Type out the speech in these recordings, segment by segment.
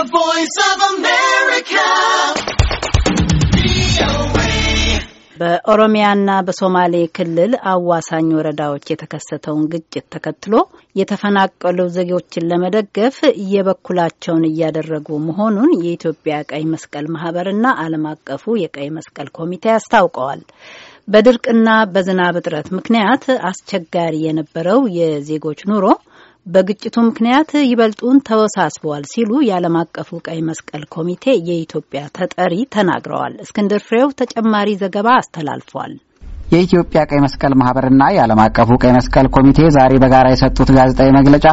The Voice of America. በኦሮሚያና በሶማሌ ክልል አዋሳኝ ወረዳዎች የተከሰተውን ግጭት ተከትሎ የተፈናቀሉ ዜጎችን ለመደገፍ የበኩላቸውን እያደረጉ መሆኑን የኢትዮጵያ ቀይ መስቀል ማህበርና ዓለም አቀፉ የቀይ መስቀል ኮሚቴ አስታውቀዋል። በድርቅና በዝናብ እጥረት ምክንያት አስቸጋሪ የነበረው የዜጎች ኑሮ በግጭቱ ምክንያት ይበልጡን ተወሳስበዋል ሲሉ የዓለም አቀፉ ቀይ መስቀል ኮሚቴ የኢትዮጵያ ተጠሪ ተናግረዋል። እስክንድር ፍሬው ተጨማሪ ዘገባ አስተላልፏል። የኢትዮጵያ ቀይ መስቀል ማህበርና የዓለም አቀፉ ቀይ መስቀል ኮሚቴ ዛሬ በጋራ የሰጡት ጋዜጣዊ መግለጫ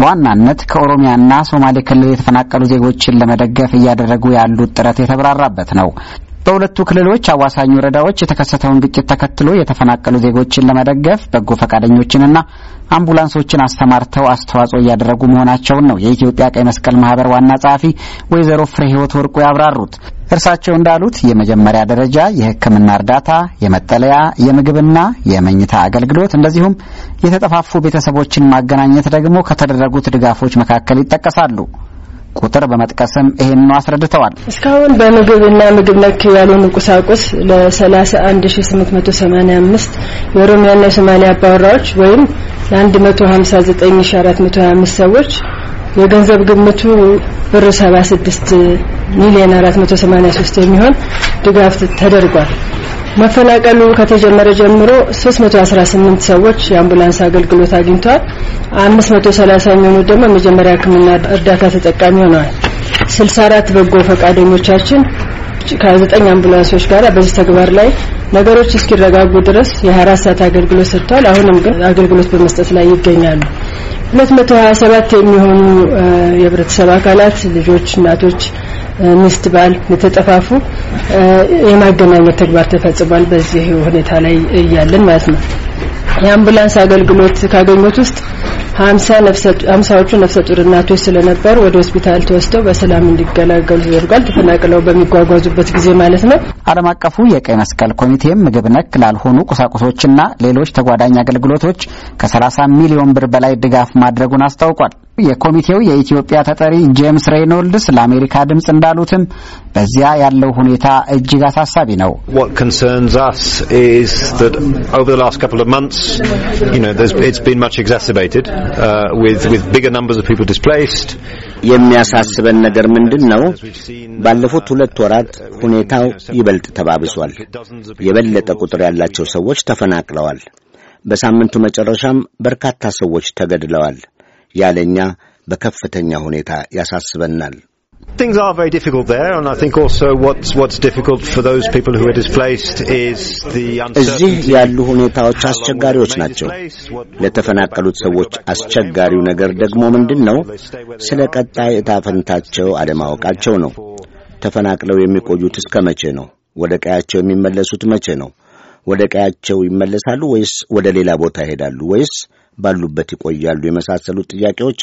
በዋናነት ከኦሮሚያና ሶማሌ ክልል የተፈናቀሉ ዜጎችን ለመደገፍ እያደረጉ ያሉት ጥረት የተብራራበት ነው። በሁለቱ ክልሎች አዋሳኝ ወረዳዎች የተከሰተውን ግጭት ተከትሎ የተፈናቀሉ ዜጎችን ለመደገፍ በጎ ፈቃደኞችንና አምቡላንሶችን አስተማርተው አስተዋጽኦ እያደረጉ መሆናቸውን ነው የኢትዮጵያ ቀይ መስቀል ማህበር ዋና ጸሐፊ ወይዘሮ ፍሬ ህይወት ወርቁ ያብራሩት። እርሳቸው እንዳሉት የመጀመሪያ ደረጃ የሕክምና እርዳታ፣ የመጠለያ፣ የምግብና የመኝታ አገልግሎት እንደዚሁም የተጠፋፉ ቤተሰቦችን ማገናኘት ደግሞ ከተደረጉት ድጋፎች መካከል ይጠቀሳሉ። ቁጥር በመጥቀስም ይህንኑ አስረድተዋል። እስካሁን በምግብና ምግብ ነክ ያልሆኑ ቁሳቁስ ለ31885 የኦሮሚያና የሶማሊያ አባወራዎች ወይም ለ159425 ሰዎች የገንዘብ ግምቱ ብር 76 ሚሊዮን 483 የሚሆን ድጋፍ ተደርጓል። መፈናቀሉ ከተጀመረ ጀምሮ 318 ሰዎች የአምቡላንስ አገልግሎት አግኝተዋል። 530 የሚሆኑ ደግሞ የመጀመሪያ ሕክምና እርዳታ ተጠቃሚ ሆነዋል። 64 በጎ ፈቃደኞቻችን ከ9 አምቡላንሶች ጋር በዚህ ተግባር ላይ ነገሮች እስኪረጋጉ ድረስ የ24 ሰዓት አገልግሎት ሰጥተዋል። አሁንም ግን አገልግሎት በመስጠት ላይ ይገኛሉ። 227 የሚሆኑ የህብረተሰብ አካላት ልጆች፣ እናቶች ሚስት ባል የተጠፋፉ የማገናኘት ተግባር ተፈጽሟል። በዚህ ሁኔታ ላይ እያለን ማለት ነው። የአምቡላንስ አገልግሎት ካገኙት ውስጥ ሀምሳዎቹ ነፍሰ ጡር እናቶች ስለነበሩ ወደ ሆስፒታል ተወስደው በሰላም እንዲገላገሉ ተደርጓል። ተፈናቅለው በሚጓጓዙበት ጊዜ ማለት ነው። ዓለም አቀፉ የቀይ መስቀል ኮሚቴም ምግብ ነክ ላልሆኑ ቁሳቁሶችና ሌሎች ተጓዳኝ አገልግሎቶች ከ30 ሚሊዮን ብር በላይ ድጋፍ ማድረጉን አስታውቋል። የኮሚቴው የኢትዮጵያ ተጠሪ ጄምስ ሬይኖልድስ ለአሜሪካ ድምፅ እንዳሉትም በዚያ ያለው ሁኔታ እጅግ አሳሳቢ ነው። uh, የሚያሳስበን ነገር ምንድን ነው? ባለፉት ሁለት ወራት ሁኔታው ይበልጥ ተባብሷል። የበለጠ ቁጥር ያላቸው ሰዎች ተፈናቅለዋል። በሳምንቱ መጨረሻም በርካታ ሰዎች ተገድለዋል። ያለኛ በከፍተኛ ሁኔታ ያሳስበናል። Things are very difficult there, and I think also what's what's difficult for those people who are displaced is the uncertainty. እዚህ ያሉ ሁኔታዎች አስቸጋሪዎች ናቸው። ለተፈናቀሉት ሰዎች አስቸጋሪው ነገር ደግሞ ምንድን ነው? ስለ ቀጣይ ዕጣ ፈንታቸው አለማወቃቸው ነው። ተፈናቅለው የሚቆዩት እስከ መቼ ነው? ወደ ቀያቸው የሚመለሱት መቼ ነው? ወደ ቀያቸው ይመለሳሉ ወይስ ወደ ሌላ ቦታ ይሄዳሉ ወይስ ባሉበት ይቆያሉ? የመሳሰሉት ጥያቄዎች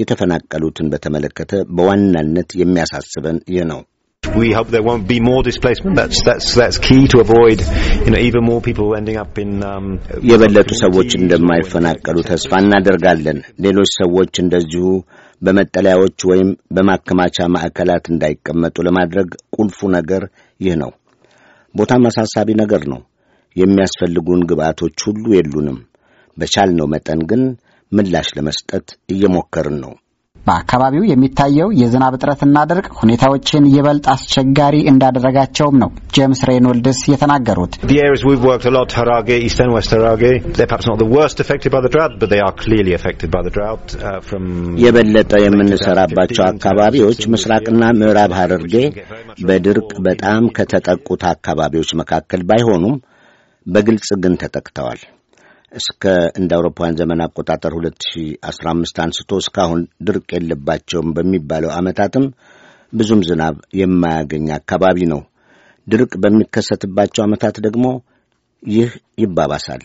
የተፈናቀሉትን በተመለከተ በዋናነት የሚያሳስበን ይህ ነው። የበለጡ ሰዎች እንደማይፈናቀሉ ተስፋ እናደርጋለን። ሌሎች ሰዎች እንደዚሁ በመጠለያዎች ወይም በማከማቻ ማዕከላት እንዳይቀመጡ ለማድረግ ቁልፉ ነገር ይህ ነው። ቦታም አሳሳቢ ነገር ነው። የሚያስፈልጉን ግብአቶች ሁሉ የሉንም። በቻልነው መጠን ግን ምላሽ ለመስጠት እየሞከርን ነው። በአካባቢው የሚታየው የዝናብ እጥረትና ድርቅ ሁኔታዎችን ይበልጥ አስቸጋሪ እንዳደረጋቸውም ነው ጄምስ ሬይኖልድስ የተናገሩት። uh, የበለጠ የምንሰራባቸው አካባቢዎች ምስራቅና ምዕራብ ሐረርጌ በድርቅ በጣም ከተጠቁት አካባቢዎች መካከል ባይሆኑም በግልጽ ግን ተጠቅተዋል። እስከ እንደ አውሮፓውያን ዘመን አቆጣጠር 2015 አንስቶ እስካሁን ድርቅ የለባቸውም በሚባለው ዓመታትም ብዙም ዝናብ የማያገኝ አካባቢ ነው። ድርቅ በሚከሰትባቸው ዓመታት ደግሞ ይህ ይባባሳል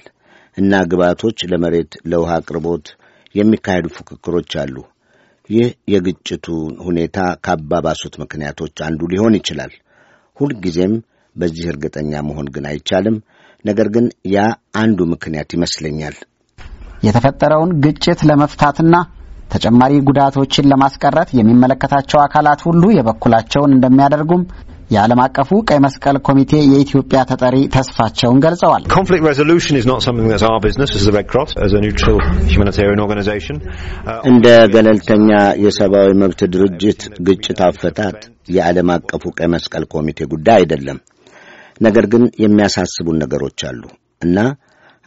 እና ግብዓቶች ለመሬት፣ ለውሃ አቅርቦት የሚካሄዱ ፉክክሮች አሉ። ይህ የግጭቱን ሁኔታ ካባባሱት ምክንያቶች አንዱ ሊሆን ይችላል። ሁልጊዜም በዚህ እርግጠኛ መሆን ግን አይቻልም። ነገር ግን ያ አንዱ ምክንያት ይመስለኛል። የተፈጠረውን ግጭት ለመፍታትና ተጨማሪ ጉዳቶችን ለማስቀረት የሚመለከታቸው አካላት ሁሉ የበኩላቸውን እንደሚያደርጉም የዓለም አቀፉ ቀይ መስቀል ኮሚቴ የኢትዮጵያ ተጠሪ ተስፋቸውን ገልጸዋል። uh, እንደ ገለልተኛ የሰብአዊ መብት ድርጅት ግጭት አፈታት የዓለም አቀፉ ቀይ መስቀል ኮሚቴ ጉዳይ አይደለም። ነገር ግን የሚያሳስቡን ነገሮች አሉ እና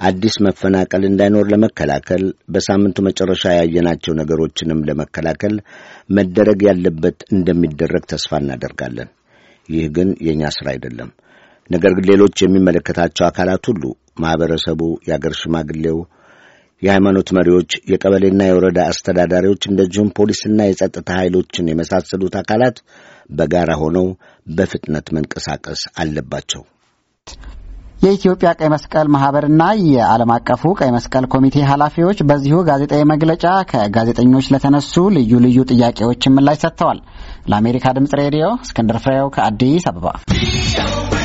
አዲስ መፈናቀል እንዳይኖር ለመከላከል በሳምንቱ መጨረሻ ያየናቸው ነገሮችንም ለመከላከል መደረግ ያለበት እንደሚደረግ ተስፋ እናደርጋለን። ይህ ግን የእኛ ሥራ አይደለም። ነገር ግን ሌሎች የሚመለከታቸው አካላት ሁሉ ማኅበረሰቡ፣ የአገር ሽማግሌው የሃይማኖት መሪዎች፣ የቀበሌና የወረዳ አስተዳዳሪዎች እንደዚሁም ፖሊስና የጸጥታ ኃይሎችን የመሳሰሉት አካላት በጋራ ሆነው በፍጥነት መንቀሳቀስ አለባቸው። የኢትዮጵያ ቀይ መስቀል ማህበርና የዓለም አቀፉ ቀይ መስቀል ኮሚቴ ኃላፊዎች በዚሁ ጋዜጣዊ መግለጫ ከጋዜጠኞች ለተነሱ ልዩ ልዩ ጥያቄዎች ምላሽ ሰጥተዋል። ለአሜሪካ ድምፅ ሬዲዮ እስክንድር ፍሬው ከአዲስ አበባ